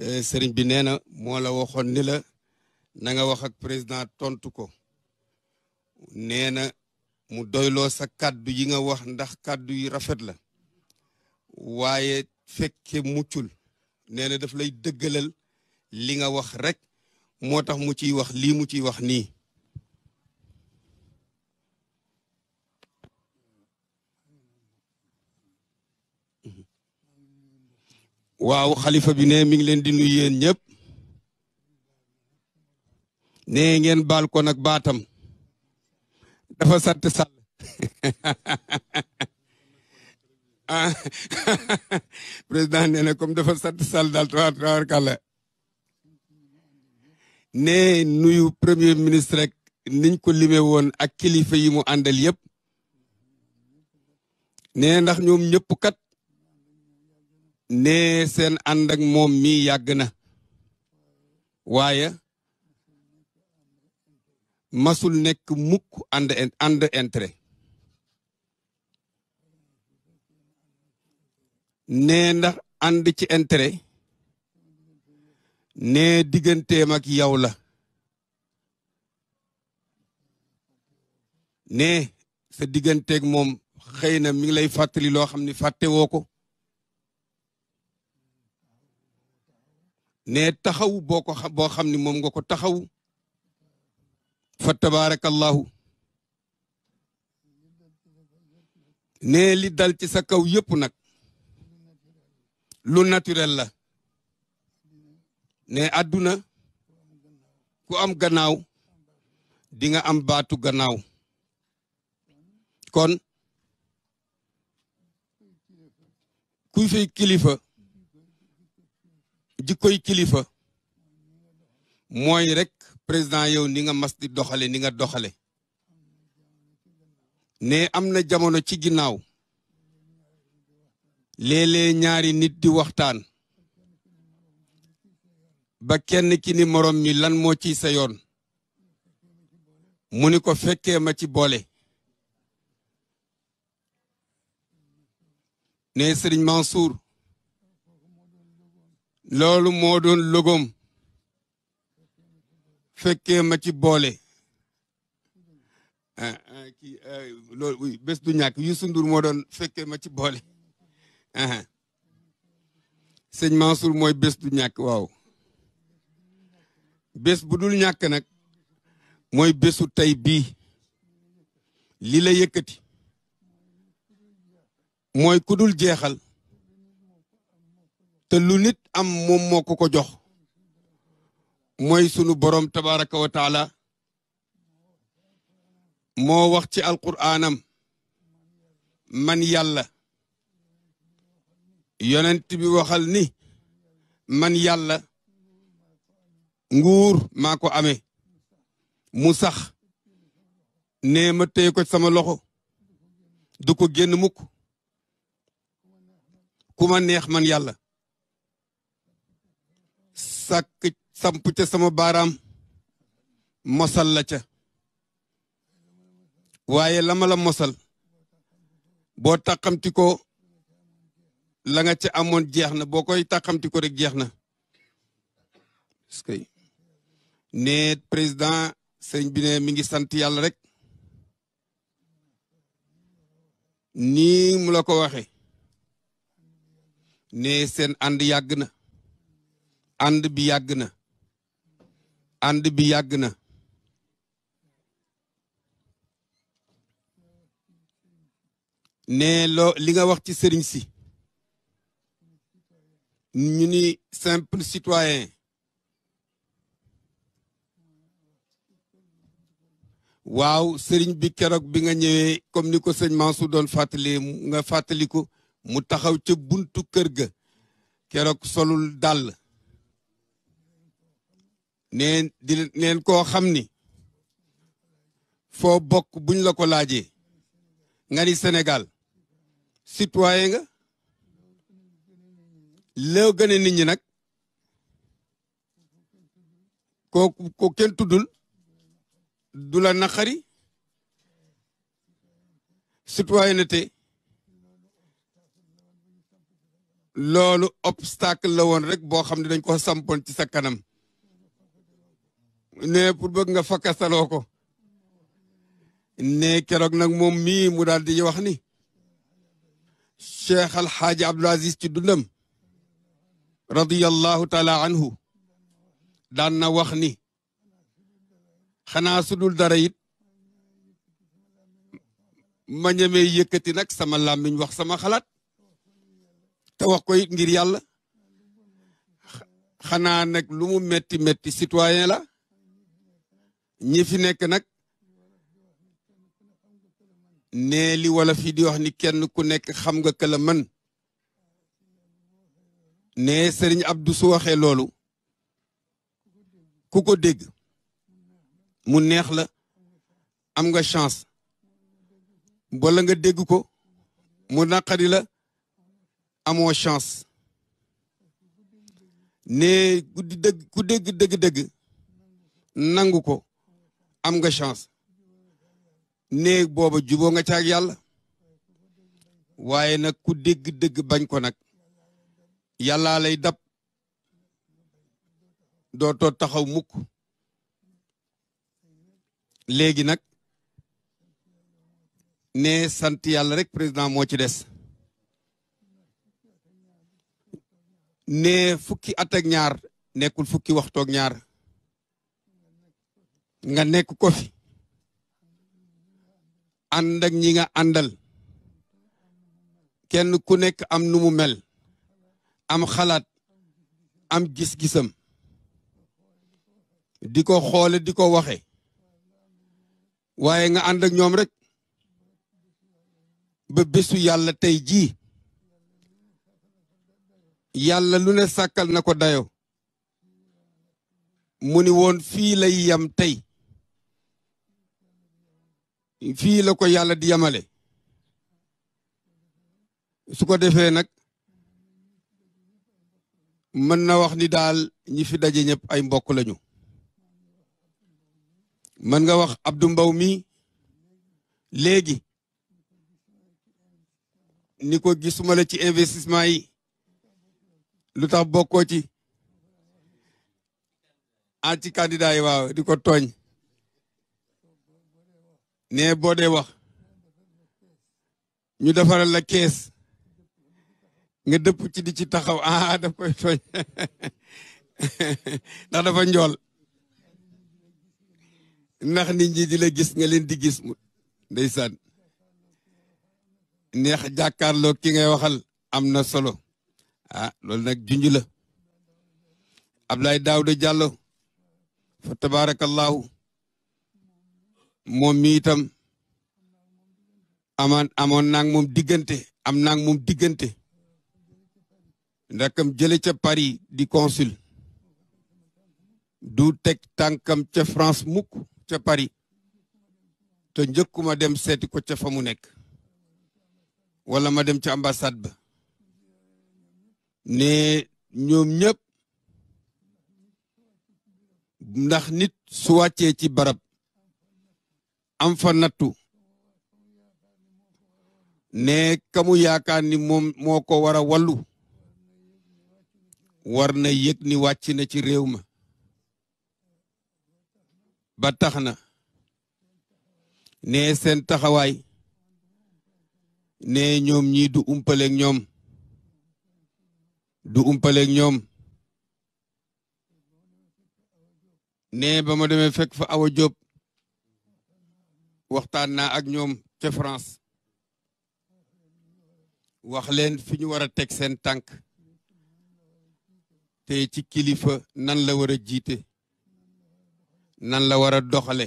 Euh, sëriñ bi nee na moo la waxoon ni la nanga nga wax ak président tontu ko nee na mu doyloo sa kàddu yi nga wax ndax kàddu yi rafet la waaye fekke muccul nee na daf lay dëggalal li nga wax rek moo tax mu ciy wax lii mu ciy wax nii waaw xalifa bi ne mi ngi leen di nuyu yéen ñëpp ne ngeen baal ko nag baatam dafa sant sal ah. président nee na comme dafa sant sàll daal tuwaar tuwaar kàlla ne nuyu premier ministre rek niñ ko lime woon ak kilifa yi mu àndal yëpp ne ndax ñoom ñëpp kat ne seen ànd ak moom mii yàgg na waaye masul nekk mukk ànd ànd ne nee ndax ànd ci intérêt ne digganteem ak yow la nee sa digganteeg moom xëy na mi ngi lay fàttali loo xam ne fàtte woo ko ne taxaw boo xam ni moom nga ko taxaw fa tabaarakallahu ne li dal ci sa kaw yëpp nag lu naturel la ne àdduna ku am gannaaw dinga am baatu gannaaw kon kuy fay kilifa jikkoy kilifa mooy rek président yow ni nga mas di doxale ni nga doxale ne am na jamono ci ginnaaw léeg ñaari nit di waxtaan ba kenn ki ni moroom mi lan moo ciy sa yoon mu ni ko fekkee ma ci boole ne Serigne Mansour loolu moo doon logom fekkee ma ci boole ah ah kii ah, loolu bés du ñàkk Youssou Ndour moo doon fekkee ma ci boole ah, ah sëñ Mansour mooy bés du ñàkk waaw bés bu dul ñàkk nag mooy bésu tey bii li la yëkkati mooy ku dul jeexal te nit am moom moo ko jox mooy sunu boroom tabaraka wa taala moo wax ci alquraanam man yàlla yonent bi waxal ni man yàlla nguur maa ko amee mu sax ne ma téye ko sama loxo du ko génn mukk ku neex man yàlla sàkk samp ca sama baaraam mosal la ca waaye lama la mosal boo tàqamti ko la nga ca amoon jeex na boo koy tàqamti rek jeex na ne président sëñ bine ne mi ngi sant yàlla rek nii mu la ko waxe ne seen ànd yàgg na ànd bi yàgg na ànd bi yàgg na ne loo li nga wax ci sëriñ si ñu ni simple citoyen waaw sëriñ bi keroog bi nga ñëwee comme ni ko sëñ su doon fàttali nga fàttaliku mu taxaw ca buntu kër ga keroog solul dàll neen di koo xam ni foo bokk buñ la ko laajee nga ni Sénégal citoyen nga loo gën a nit ñi nag kooku ko kenn tuddul du la naqari citoyenneté loolu obstacle la woon rek boo xam ne dañ ko sampoon ci sa kanam ne pour bëgg nga fakastaloo ko ne keroog nag moom mii mu daal di wax ni cheikh alxaaji abdul aziz ci dundam radiyallahu taala anhu daan na wax ni xanaa sudul dara it ma ñemee yëkkati nag sama làmmiñ wax sama xalaat te wax ko it ngir yàlla xanaa nag lu mu metti metti citoyen la ñi fi nekk nag ne li wala fii di wax ni kenn ku nekk xam nga këla mën ne sëriñ abdu su waxee loolu ku ko dégg mu neex la am nga chance wala nga dégg ko mu naqari la amoo chance ne ku dégg ku dégg dëgg nangu ko am nga chance néeg booba juboo nga caag yàlla waaye nag ku dégg-dégg bañ ko nag yàlla lay dab dootoo taxaw mukk léegi nag ne sant yàlla rek président moo ci des ne fukki at ñaar nekkul fukki waxtoog ñaar nga nekk ko fi ànd ñi nga àndal kenn ku nekk am nu mu mel am xalaat am gis-gisam di ko xoole di ko waxe waaye nga ànd ak ñoom rek ba bésu yàlla tey jii yàlla lu ne sàkkal na ko dayo mu ni woon fii lay yam tey fi la ko yàlla di yamale su ko defee nag mën na wax ni daal ñi fi daje ñëpp ay mbokk lañu mën nga wax abdu mbaw mi léegi ni ko gisuma la ci investissement yi lu tax bokkoo ci en ci candidat yi waaw di ko tooñ ne boo dee wax ñu defaral la kees nga dëpp ci di ci taxaw ah daf koy tooñ ndax dafa njool ndax nit ñi di la gis nga leen di gis mu ndeysaan neex jàkkaarloo ki ngay waxal am na solo ah loolu nag junj la Ablaye Daouda Diallo fa tabarakallahu moom mi itam amaan amoon naa moom diggante am naa moom diggante ndakam jële ca Paris di consul du teg tànkam ca France mukk ca Paris te njëkkuma dem seeti ko ca fa mu nekk wala ma dem ca ambassade ba ne ñoom ñëpp ndax nit su wàccee ci barab am fa nattu ne kamu yaakaar ni moom moo ko war a wallu war na yëg ni wàcc na ci réew ma ba tax na ne seen taxawaay ne ñoom ñii du umpaleeg ñoom du umpaleeg ñoom ne ba ma demee fekk fa Awa Diop waxtaan na ak ñoom ca France wax leen fi ñu war a teg seen tànk te ci kilifa nan la war a jiite nan la war a doxale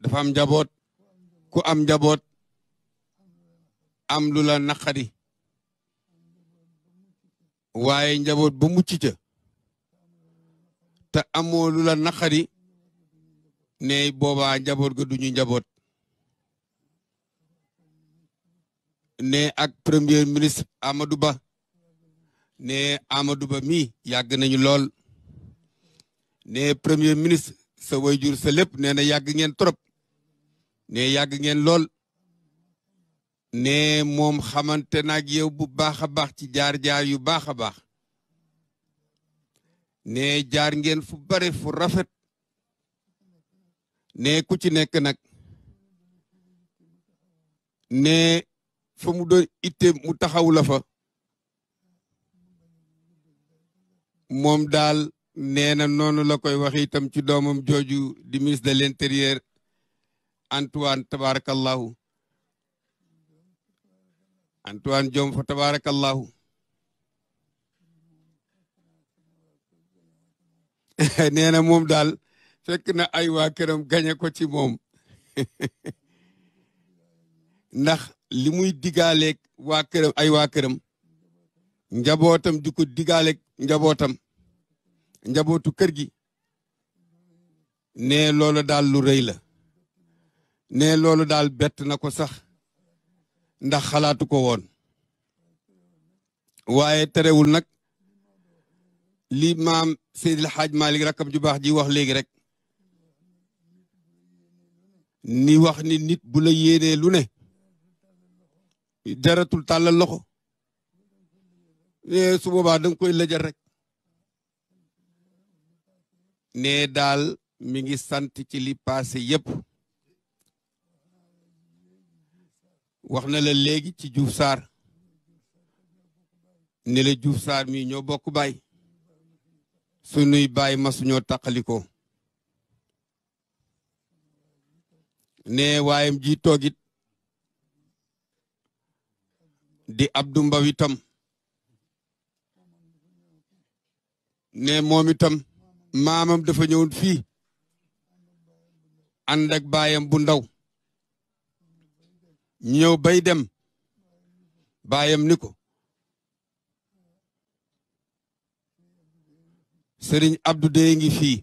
dafa am njaboot ku am njaboot am lu la naqari waaye njaboot ba mucc ca te amoo lu la naqari ne boobaa njaboot ga duñu njaboot ne ak premier ministre Amadou Ba ne amaduba Ba mi yàgg nañu lool ne premier ministre sa jur sa lépp nee na yàgg ngeen trop ne yàgg ngeen lool ne moom xamante naag yow bu baax a baax ci jaar-jaar yu baax a baax ne jaar ngeen fu bare fu rafet ne ku ci nekk nag ne fa mu doon mu taxaw la fa moom daal nee na noonu la koy waxitam itam ci doomam jooju di ministre de l'intérieur Antoine tabarakallahu Antoine Diome fa tabarakallahu nee na moom daal fekk na ay waa këram gañe ko ci moom ndax li muy digaaleeg waa këram ay waa këram njabootam di ko digaaleeg njabootam njabootu kër gi ne loolu daal lu rëy la ne loolu daal bett na ko sax ndax xalaatu ko woon waaye terewul nag li maam Seydil Hadj Malick rakam ju baax ji wax léegi rek ni wax ni nit bu la yéenee lu ne jaratul tàllal loxo eh, su boobaa da koy lajar rek ne daal mi ngi sant ci li passé yépp wax na la léegi ci Diouf saar ne la Diouf Sarr mii ñoo bokk baay sunuy baay ma suñoo taqalikoo ne waayam ji toogit di Abdou Mbaw itam ne moom itam dafa ñëwoon fii ànd ak baayam bu ndaw ñëw bay dem baayam ni ko sëriñ Abdou Dey ngi fii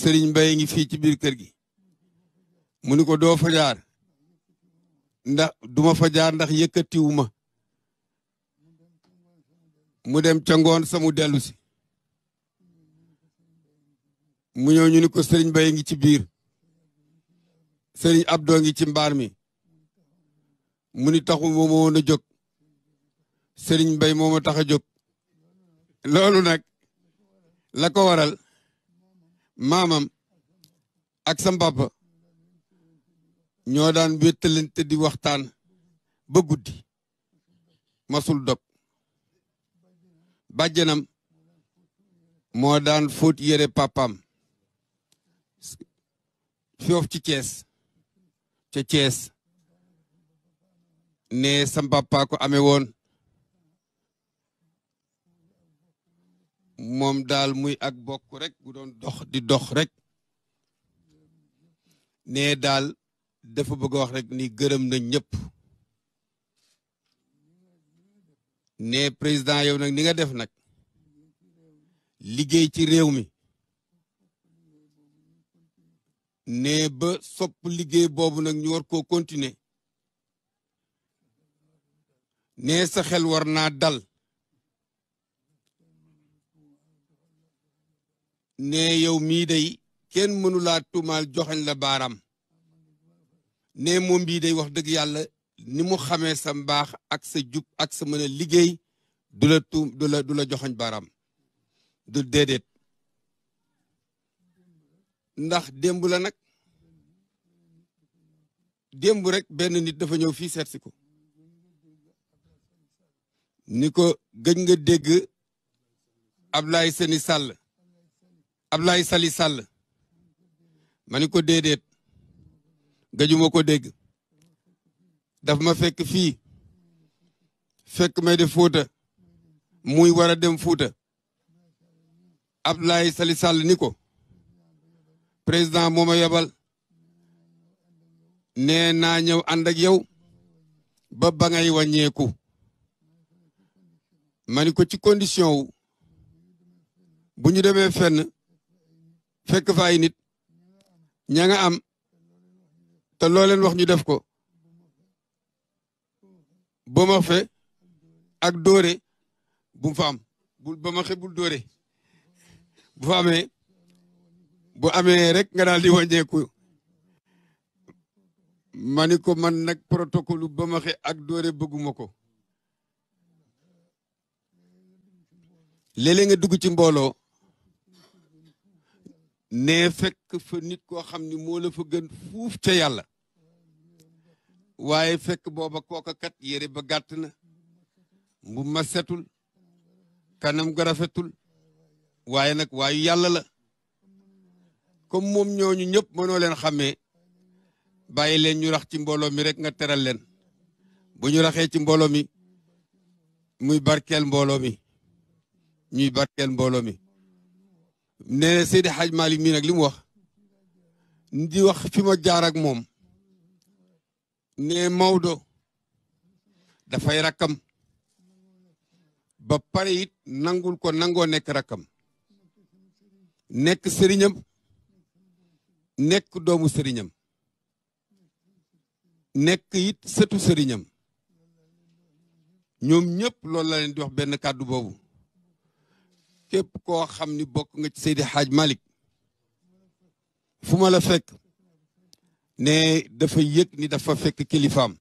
sëriñ Mbaye ngi fii ci biir kër gi mu ni ko doo fa jaar ndax duma fa jaar ndax yëkkatiwu ma mu dem ca ngoon samu dellusi mu ñëw ñu ni ko sëriñ Baye ngi ci biir sëriñ Abdoo ngi ci mbaar mi mu ni taxu moo ma woon sëriñ bay moo tax a jog loolu nag la ko waral maamam ak sa mbàppa ñoo daan wéttalante di waxtaan ba guddi masul dog bàjjanam moo daan fóot yére papaam foof ci Cees ca Cees ne sam papa ko amee moom daal muy ak bokk rek bu doon dox di dox rekk ne daal dafa bëgg wax rek ni gërëm na ñëpp ne président yow nag ni nga def nag liggéey ci réew mi ne ba sopp liggéey boobu nag ñu war koo continuer ne sa xel war naa dal ne yow mii day kenn mënulaa tuumaal joxañ la baaraam ne moom bii day wax dëgg yàlla ni mu xamee sa mbaax ak sa jub ak sa mën a liggéey du la tuum du la joxoñ baram du déedéet ndax démb la nag démb rek benn nit dafa ñëw fii seet si ko ni ko gëj nga dégg Ablaye Seni Sall Ablaye Sali sàll ma ni ko déedéet gaju nga ko dégg daf ma fekk fii fekk may def Fuuta muy war a dem Fuuta Abdoulaye Sali Sall ni ko président moo ma yebal nee naa ñëw ànd ak yow ba ba ngay wàññeeku ma ni ko ci condition wu bu ñu demee fenn nit ña am te loo leen wax ñu def ko ba ma fe ak dóore bu mu fa am bul ba bu fa amee bu amee rek nga daal di wàññeeku ma ni ko man nag protocole ba ak dóore bëgguma ko léeg nga dugg ci mbooloo ne fekk fa nit koo xam ni moo la fa gën fuuf ca yàlla waaye fekk booba kooka kat yére ba gàtt na mbu ma kanam ga rafetul waaye nag waayu yàlla la comme moom ñu ñëpp mënoo leen xàmmee bàyyi leen ñu rax ci mbooloo mi rek nga teral leen bu ñu raxee ci mbooloo mi muy barkeel mbooloo mi ñuy barkeel mbooloo mi ne Seydi Hadj Malick mii nag li mu wax di wax fi ma jaar ak moom ne Maodo dafay rakkam ba pare it nangul ko nangoo nekk rakkam nekk sëriñam nekk doomu sëriñam nekk it sëtu sëriñam ñoom ñëpp loolu la leen di wax benn kàddu boobu képp koo xam ni bokk nga ci Seydi Hadj Malick fu ma la fekk ne dafa yëg ni dafa fekk kilifaam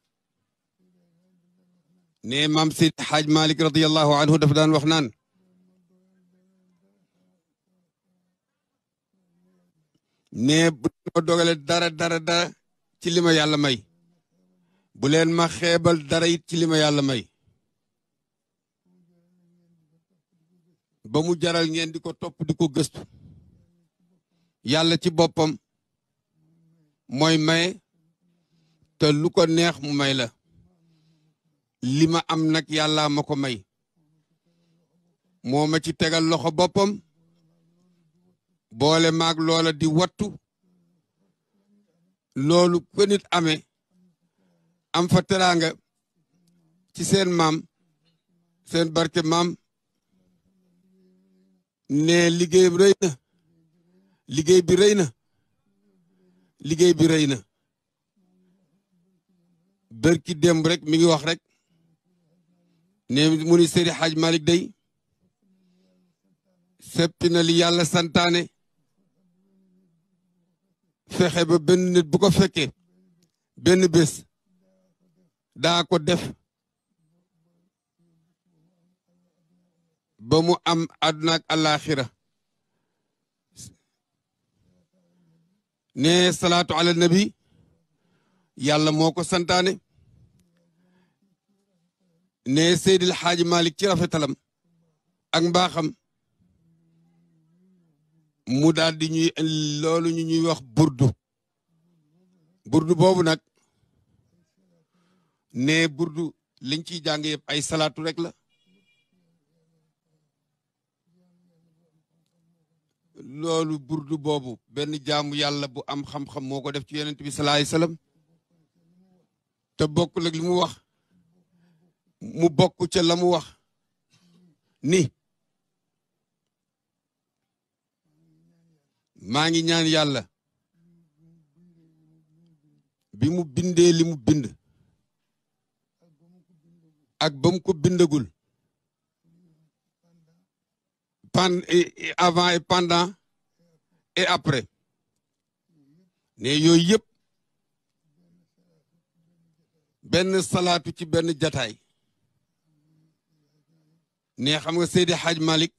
ne maam Seydi xaaj Malick radiyallahu anhu dafa daan wax naan ne bu ma dogale dara dara dara ci li ma yàlla may bu leen ma xeebal dara it ci lima yàlla may ba mu jaral ngeen di ko topp di ko gëstu yàlla ci boppam mooy maye te lu ko neex mu may la li ma am nag yàlla ma ko may mooma ci tegal loxo boppam boole maag loola di wattu loolu ko nit am fa teraanga ci seen maam seen barke maam ne liggéey bi rëy liggéey bi rëy na liggéey bi rëy na bërki démb rek mi ngi wax rek ne mu ni Seydi Hadj day seppi na li yàlla santaane fexe ba benn nit bu ko fekkee benn bés daa ko def ba mu am àdduna ak alaxira ne salaatu ala nabi yàlla moo ko santaane ne Seydil Xaaji Malik ci rafetalam ak mbaaxam mu daal di ñu ñuy wax burdu burdu boobu nag ne burdu liñ ciy jàng yëpp ay salaatu rek la loolu burdu boobu benn jaamu yàlla bu am xam-xam moo ko def ci yenen bi salaay salaam te bokk nag li wax mu bokk ca la mu wax ni maa ngi ñaan yàlla bi mu bindee li mu bind ak ba mu ko bindagul avant et pendant et après ne yooyu yëpp benn salaatu ci benn jataay ne xam nga Seydi Hadj Malick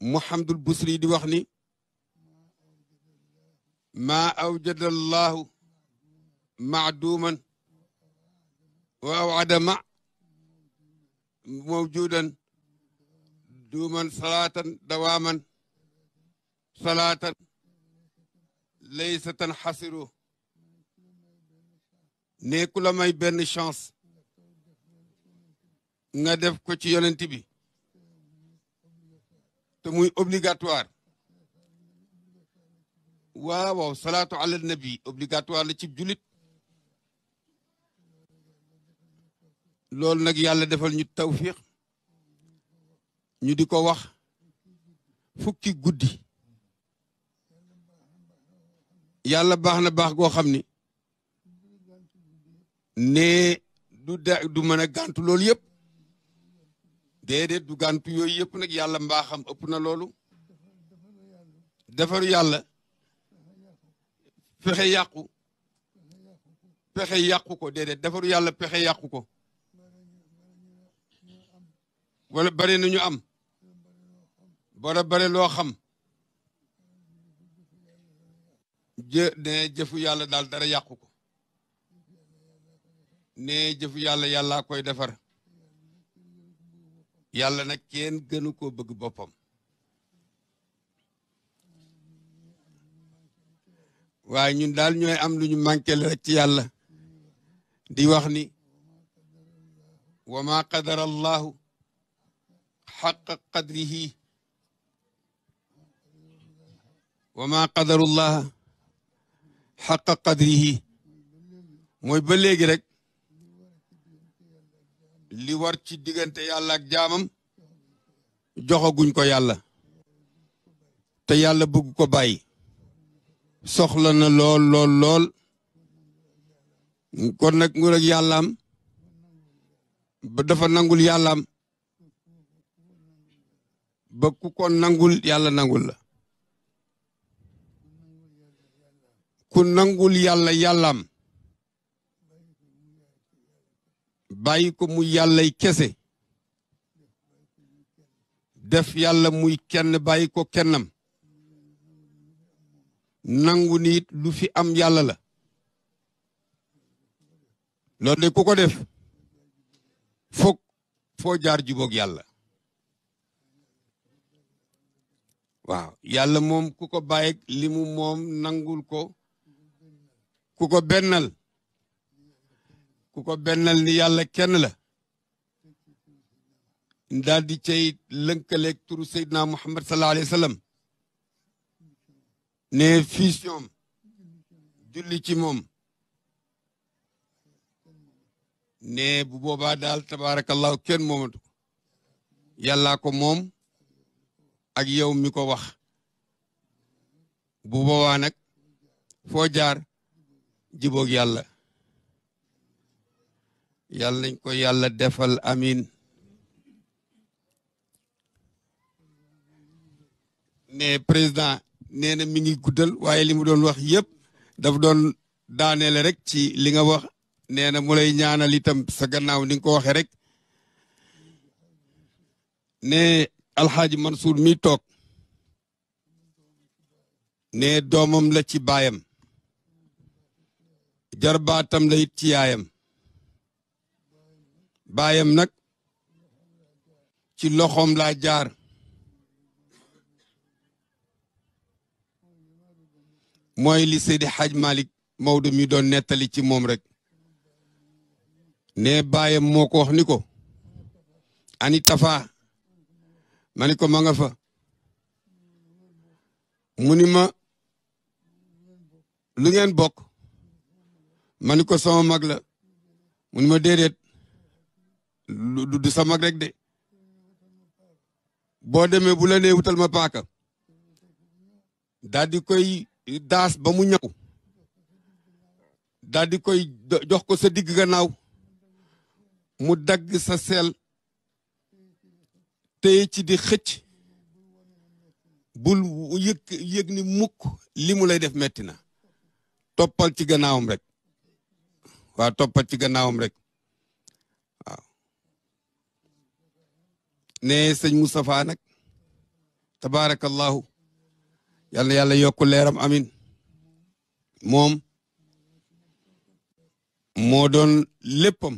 Mouhamadul Busri di wax ni maa awjadallahu maaduman wa awada mawjudan duuman salaatan dawaaman salaatan laysa tan xasiru ne ku may benn chance nga def ko ci yonent bi te muy obligatoire waaw waaw salaatu ala nabi obligatoire la ci julit loolu nag yàlla defal ñu tawfiq ñu di ko wax fukki guddi yàlla baax na baax goo xam ni ne du da du mën a gàntu loolu yëpp déedéet du gàntu yooyu yëpp nag yàlla mbaaxam ëpp na loolu defaru yàlla pexe yàqu pexe yàqu ko déedéet defaru yàlla pexe yàqu ko wala bare na ñu am bara bare loo xam jë ne jëfu yàlla daal dara yàqu ko ne jëfu yàlla yàllaa koy defar yàlla nag kenn gënu koo bëgg boppam waaye ñun daal ñooy am lu ñu manqué rek ci yàlla di wax ni wa ma qadara allahu xaqa qadrihi wa ma qadarullah xaqa qadrihi mooy ba léegi rek li war ci diggante yàlla jaamam joxaguñ ko yàlla te yàlla bëgg ko bay soxla na lool lool kon nag nguur ak yàllaam ba dafa nangul yàllaam ba ku ko nangul yàlla nangul la ku nangul yàlla yàllaam bàyyi ko mu yàllay kese def yàlla muy kenn bàyyi ko nangu nit lu fi am yàlla la loolu de ku ko def foog foo jaar juboog yàlla waaw yàlla moom ku ko bàyyi li mu moom nangul ko ku ko bennal ku ko bennal ni yàlla kenn la daal di cay lënkaleeg turu Seydina Muhammad sallallahu alayhi wa sallam ne fusion julli ci ne bu boobaa daal tabaarakallahu kenn moomatu yàllaa ko moom ak yow mi ko wax bu boobaa nag foo jaar jiboog yàlla yàlla nañ ko yàlla defal amiin ne président nee na mi ngi guddal waaye li mu doon wax yëpp daf doon daaneele rek ci li nga wax nee na mu lay ñaanal itam sa gannaaw ni nga ko waxee rek ne alxaaji Mansour mi toog ne doomam la ci baayam jarbaatam la ci yaayam baayam nag ci loxoom laa jaar mooy li Seydi Hadj Malick Maodo mi doon nettali ci moom rek ne baayam moo ko wax ni ko ani tafaa ma ni nga fa mu ni ma lu ngeen bokk ma ni ko sama mag la mu ni ma déedéet du sa mag rek de boo demee bu la nee wutal ma paaka daal di koy daas ba mu ñaw daal di koy jox ko sa digg gannaaw mu dagg sa seel te ci di xëcc bul yëg yëg ni mukk li mu lay def metti na toppal ci gannaawam rek waa toppat ci gannaawam rek waaw ne sëñ Moustapha nag tabaarakallahu yal na yàlla yokk leeram amin moom moo doon léppam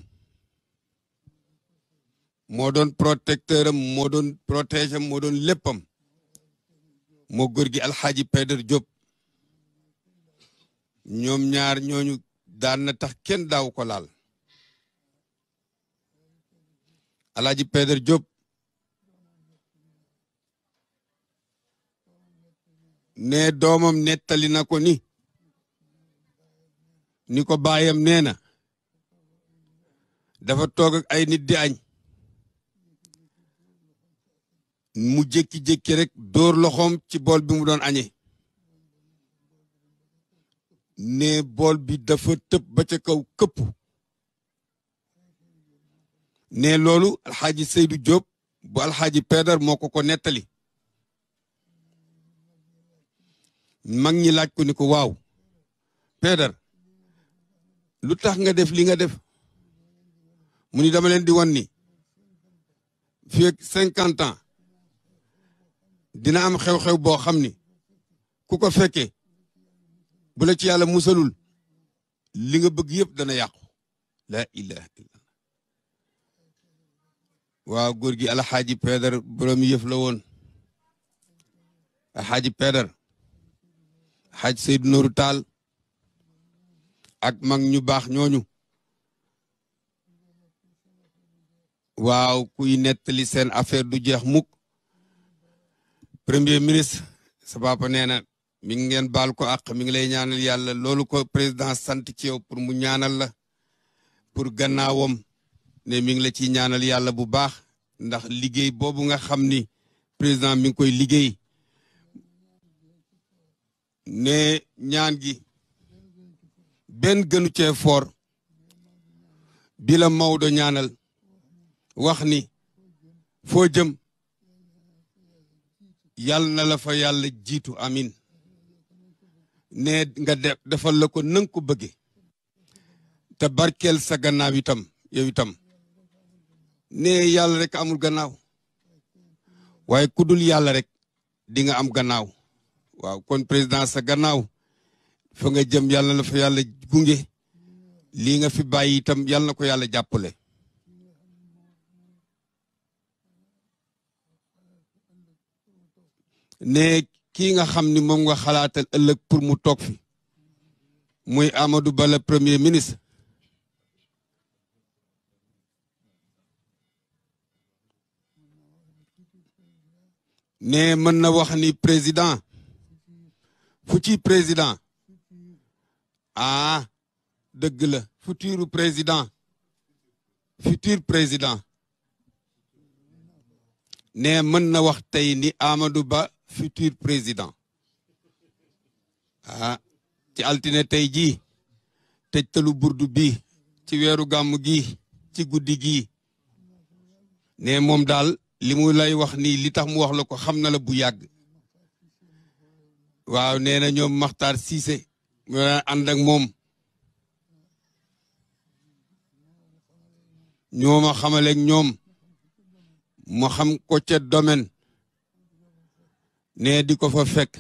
moo doon protecteur am moo doon protège am moo doon léppam moo góor gi alxaaji Peder Diop ñoom ñaar ñooñu daan na tax kenn daw ko laal alaaji Peder Diop ne doomam nettali na ko ni ni ko baayam nee na dafa toog ay nit di añ mu jékki-jékki rek dóor loxoom ci bool bi mu doon añe ne bool bi dafa tëb ba ca kaw këpp ne loolu alxaaji Seydou Diop bu alxaaji Peedar moo ko ko nettali mag ñi laaj ko ni ko waaw Peedar lu tax nga def li nga def mu ni dama leen di wan ni fii ak dina am xew-xew boo xam ni ku ko fekkee bu ci yàlla musalul li nga bëgg yëpp dana yàqu laa ilaha illallah waaw góor gi alxaaji Peedar borom yëf la woon alxaaji Peedar xaaj Seydou Nourou Tall ak mag ñu baax ñooñu waaw kuy nettali seen affaire du jeex mukk premier ministre sa papa nee mi ngi ngeen baal ko àq mi ngi lay ñaanal yàlla loolu ko président sant ci yow pour mu ñaanal la pour gannaawam ne mi ngi la ci ñaanal yàlla bu baax ndax liggéey boobu nga xam ni président mi ngi koy liggéey ne ñaan gi benn gënu cee foor bila la Maodo ñaanal wax ni foo jëm yàlla na la fa yàlla jiitu amin ne nga defal la ko nang ko bëgge te barkeel sa gannaaw itam yow itam ne yàlla rek amul gannaaw waaye ku dul yàlla rek di nga am gannaaw waaw kon président sa gannaaw fa nga jëm yàlla la fa yàlla gunge lii nga fi bàyyi itam yàlla na ko yàlla jàppale ne kii nga xam ni moom nga xalaatal ëllëg pour mu toog fi muy Amadou Ba la premier ministre ne mën na wax ni président futur président ah dëgg la futur président futur président ne mën na wax tey ni Amadou Ba futur président ah ci altine tey jii talu burdu bi ci weeru gàmm gi ci guddi gii ne moom daal li mu lay wax nii li tax mu wax la ko xam na la bu yàgg waaw nee na ñoom Maxtaar Siise mu ànd moom ñoo ma ñoom mu xam ko ca domaine ne di ko fa fekk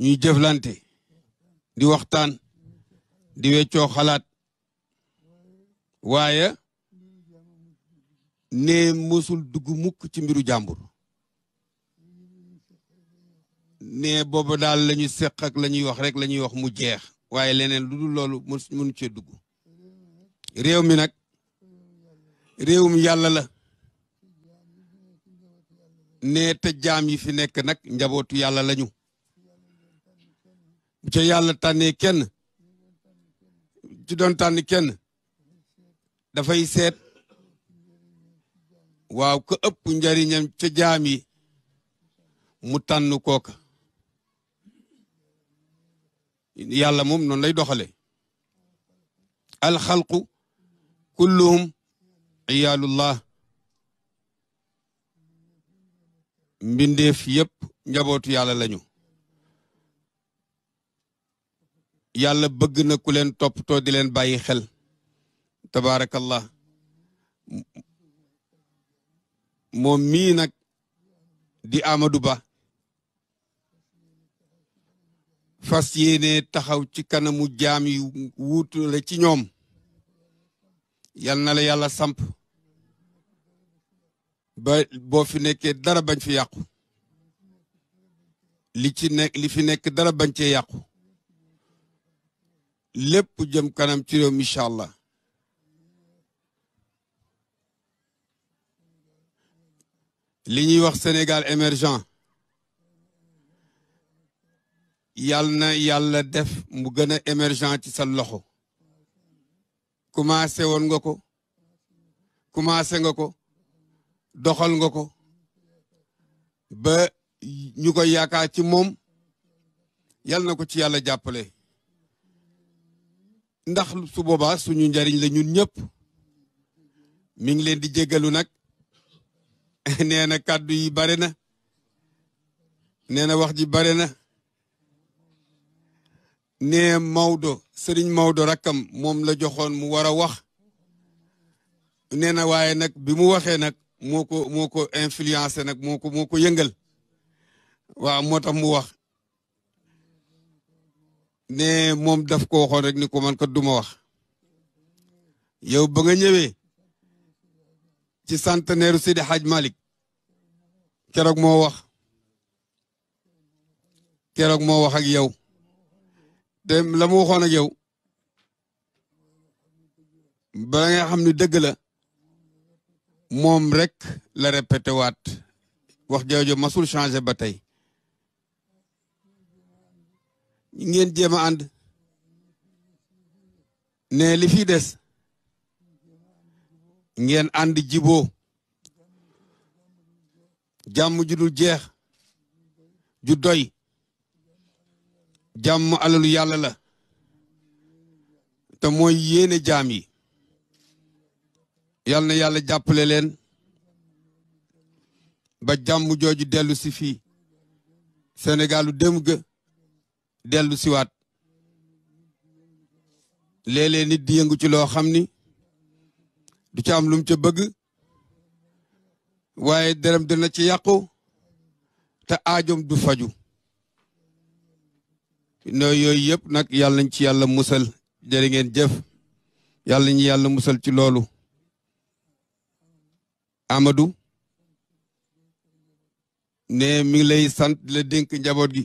ñuy jëflante di waxtaan di weccoo xalaat waaye ne mësul dugg mukk ci mbiru jàmbur ne booba daal la ñu seq la ñuy wax rek lañuy wax mu jeex waaye leneen lu dul loolu mënu cee dugg réew mi nag réewum yàlla la ne te jaam yi fi nekk nag njabootu yàlla lañu bu ca yàlla tànnee kenn ci doon tànn kenn dafay seet waaw ka ëpp njariñam ca jaam yi mu tànn kooka yàlla moom noonu lay doxale alxalqu kulluhum iyaalullah mbindeef yépp njabootu yàlla lañu yàlla bëgg na ku leen toppatoo di leen bàyyi xel tabaarakallah moom mii nag di Amadou Ba fas yéene taxaw ci kanamu jaam yu wuutule ci ñoom yal na la yàlla samp ba boo fi nekkee dara bañ fi yàqu li ci nekk li fi nekk dara bañ cee yàqu lépp jëm kanam ci réew mi incha allah li ñuy wax Sénégal émergent yal na yàlla def mu gën a émergent ci sa loxo commencé woon nga ko commencé nga ko doxal nga ko ba ñu koy yaakaar ci moom yal na ko ci yàlla jàppale ndax su boobaa suñu njariñ la ñun ñëpp mi ngi leen di jéggalu nag nee na kàddu yi bare na nee na wax ji bare na nee Maodo sëriñ Maodo rakkam moom la joxoon mu war a wax nee na waaye nag bi mu waxee nag moo ko moo ko influencé nag moo ko moo ko yëngal waaw moo tax mu wax ne moom daf ko waxoon rek ni ko man ko duma wax yow ba nga ñëwee ci centenaire Seydi Hadj Malick keroog moo wax keroog moo wax ak yow te la mu waxoon ak yow bala nga xam ni dëgg la moom rek la répété waat wax jooju masul changé ba tey ngeen jéem a ànd ne li fi des ngeen ànd jiboo jàmm ju dul jeex ju doy jàmm alalu yàlla la te mooy yéene jaam yi yal na yàlla jàppale leen ba jàmm jooju dellu si fii senegalu dem ga dellu si waat léeg-léeg nit di yëngu ci loo xam ni du ci am lu ca bëgg waaye derem dina ci yàqu te aajom du faju noo yooyu yëpp nag yàlla nañ ci yàlla musal jërë ngeen jëf yàlla ñu yàlla musal ci loolu amadu ne mi ngi lay sant la dénk njaboot gi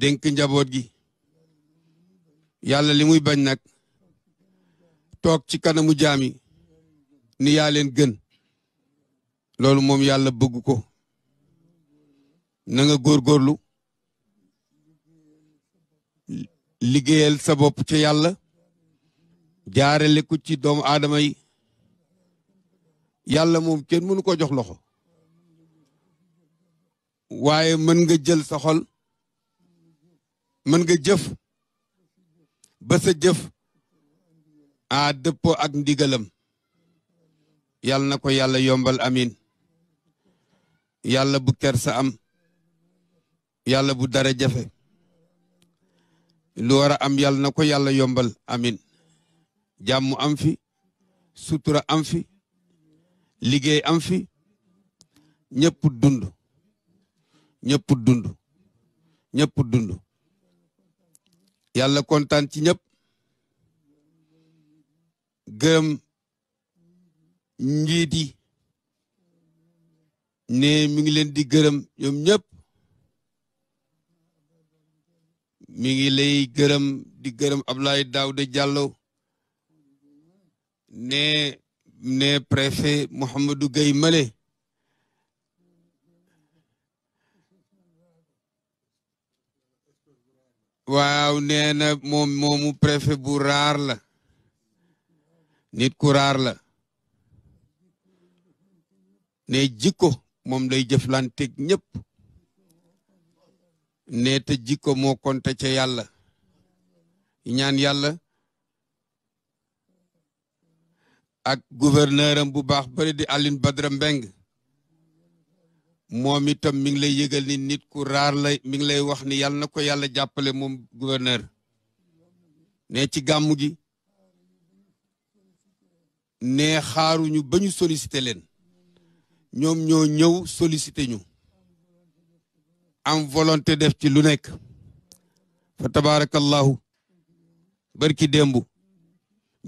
dénk njaboot gi yàlla li muy bañ nag toog ci kanamu jaami ni yaa gën loolu moom yàlla bëgg ko nanga góor góorlu liggéeyal sa bopp ca yàlla jaarale ko ci doomu aadama yi yàlla moom kenn mënu ko jox loxo waaye mën nga jël sa xol mën nga jëf ba sa jëf a dëppoo ak ndigalam yàlla na ko yàlla yombal amin yàlla bu kersa am yàlla bu dara jafe lu war a am yàlla na ko yàlla yombal amin jàmm am fi sutura am fi liggéey am fi ñëpp dund ñëpp dund ñëpp dund yàlla kontaan ci ñëpp gërëm njiit yi ne mi ngi leen di gërëm ñoom ñëpp mi ngi lay gërëm di gërëm Abdoulaye Daouda Diallo ne ne préfet Mouhamadou Gueye Male waaw nee na moom moomu bu raar la nit ku raar la ne jikko moom lay jëflanteeg ñëpp ne jiko jikko moo ca yàlla ñaan yàlla ak gouverneur am bu baax bari di Alioune Badara mbeng moom itam mi ngi lay yëgal ni nit ku raar la mi ngi lay wax ni yàlla na ko yàlla jàppale moom gouverneur ne ci gàmmu gi ne xaaruñu ba ñu sollicité leen ñoom ñoo ñëw sollicité ñu am volonté def ci lu nekk fa tabarakallahu barki démb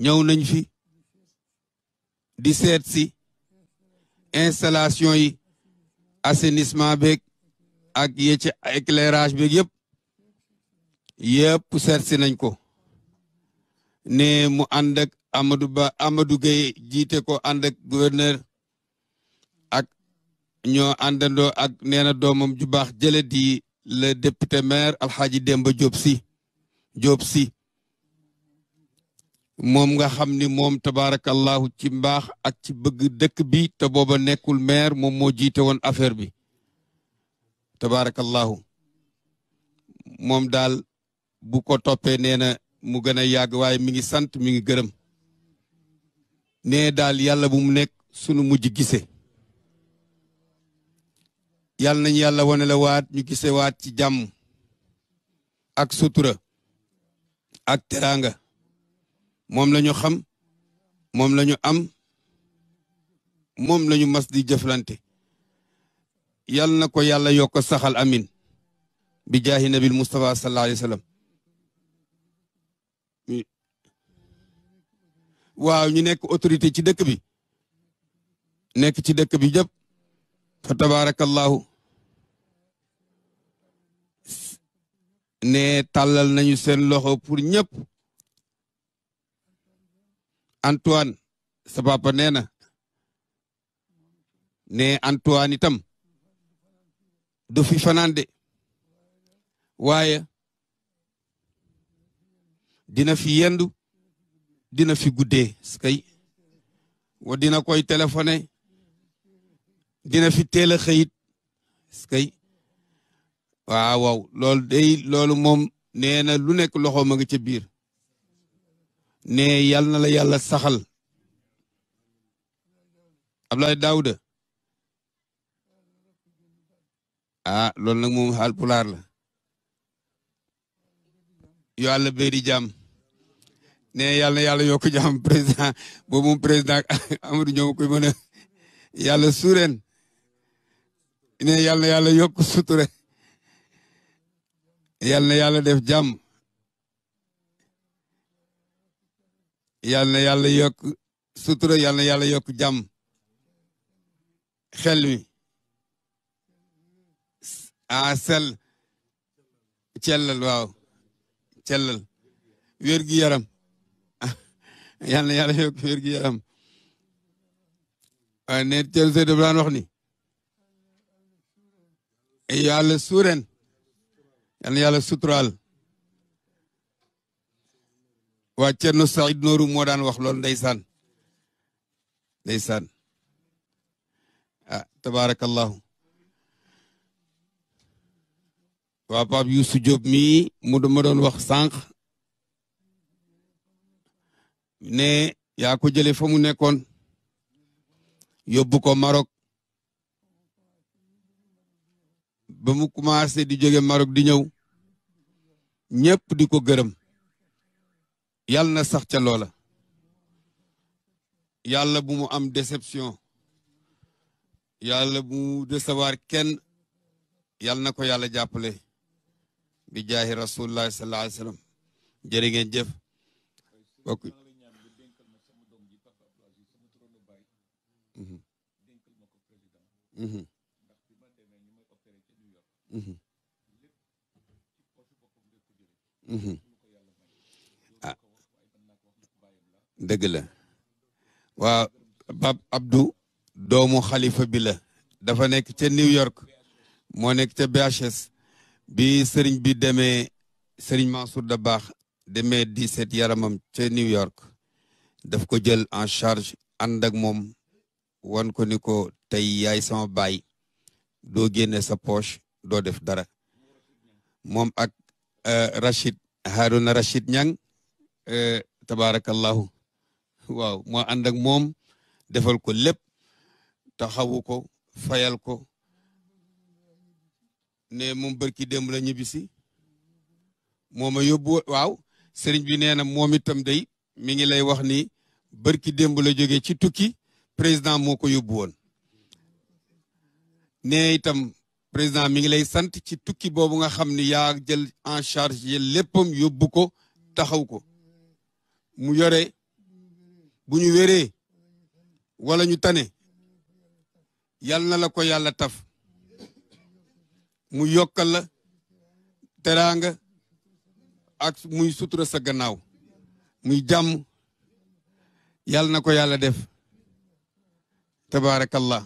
ñëw nañ fi di seet si installation yi assainissement beeg ak ye ci éclairage beeg yëpp yëpp seet si nañ ko ne mu ànd ak Amadou Ba Amadou Gueye jiite ko ànd ak gouverneur ak ñoo àndandoo ak nee na doomam ju baax jële di le député maire Alxaaji Demba Diop si Diop si moom nga xam ni moom tabaarakallahu ci mbaax ak ci bëgg dëkk bi te booba nekkul maire moom moo jiite woon affaire bi tabaarakallahu moom daal bu ko toppee nee na mu gën a yàgg waaye mi ngi sant mi ngi gërëm nee daal yàlla bu mu nekk sunu mujj gise yàlla nañu yàlla wane la waat ñu gise waat ci jàmm ak sutura ak teraanga moom lañu xam moom lañu am moom lañu mas di jëflante yal na ko yàlla yokk saxal amin bi jaahi nabil Mustafa sallallahu alayhi wa sallam waaw ñu nekk autorité ci dëkk bi nekk ci dëkk bi jëpp fa tabarakallahu ne tàllal nañu seen loxo pour ñëpp Antoine sa papa nee na ne Antoine itam du fi fanaan waaye dina fi yendu dina fi guddee kay wa dina koy téléphoné dina fi teel a xëyit kay waaw waaw loolu day loolu moom nee na lu nekk loxo ma nga ca biir ne yàlla na la yàlla saxal Ablaye Daouda ah loolu nag moom xaal pulaar la yo àlla bay di jàmm ne yàlla na yàlla yokk jàmm président boobu moom président Amadou ñoom koy mën a yàlla ne yàlla na yàlla yokk suture yàlla na yàlla def jàmm yal na yàlla yokk sutura yal yàlla yokk jàmm xel mi a sel cellal waaw cellal wér gu yaram yal na yàlla yokk wér yaram waaye ne cel se daf daan wax ni yàlla suureen yal na yàlla suturaal waa Thierno Saïd Nooru moo daan wax loolu ndeysaan ndeysaan ah tabaarakallahu waa Pape Youssou Diop mii mu ma doon wax sànq ne yaa ko jële fa mu nekkoon yóbbu ko Maroc ba mu commencé di jóge Maroc di ñëw ñëpp di ko gërëm yàlla na sax ca loola yàlla bu mu am déception yàlla bu mu kenn yàlla na ko yàlla jàppale bi jaahi rasulullah sallallahu alayhi wa sallam jërë ngeen jëf bokk mhm. Mhm. Mhm. dëgg la waaw Bab Abdou doomu xalifa bi la dafa nekk ca New York moo nekk ca BHS bi sëriñ bi demee sëriñ Mansour da baax demee 17 yaramam ca New York daf ko jël en charge ànd ak moom wan ko ni ko tey yaay sama baay doo génne sa poche doo def dara moom ak euh, Rachid Haruna Rachid Ñang euh, tabaarakallahu waaw moo ànd ak moom defal ko lépp taxawu ko fayal ko ne moom barki démb la ñibbisi mooma yóbbu waaw sëriñ bi nee na moom itam day mi ngi lay wax ni barki démb la jóge ci tukki président moo ko yóbbu woon ne itam président mi ngi lay sant ci tukki boobu nga xam ni yaa jël en charge léppam yóbbu ko taxaw ko mu yore bu ñu wéree wala ñu tane yal na la ko yàlla taf mu yokkal la teraanga ak muy sutura sa gannaaw muy jàmm yal na ko yàlla def tabaarakallah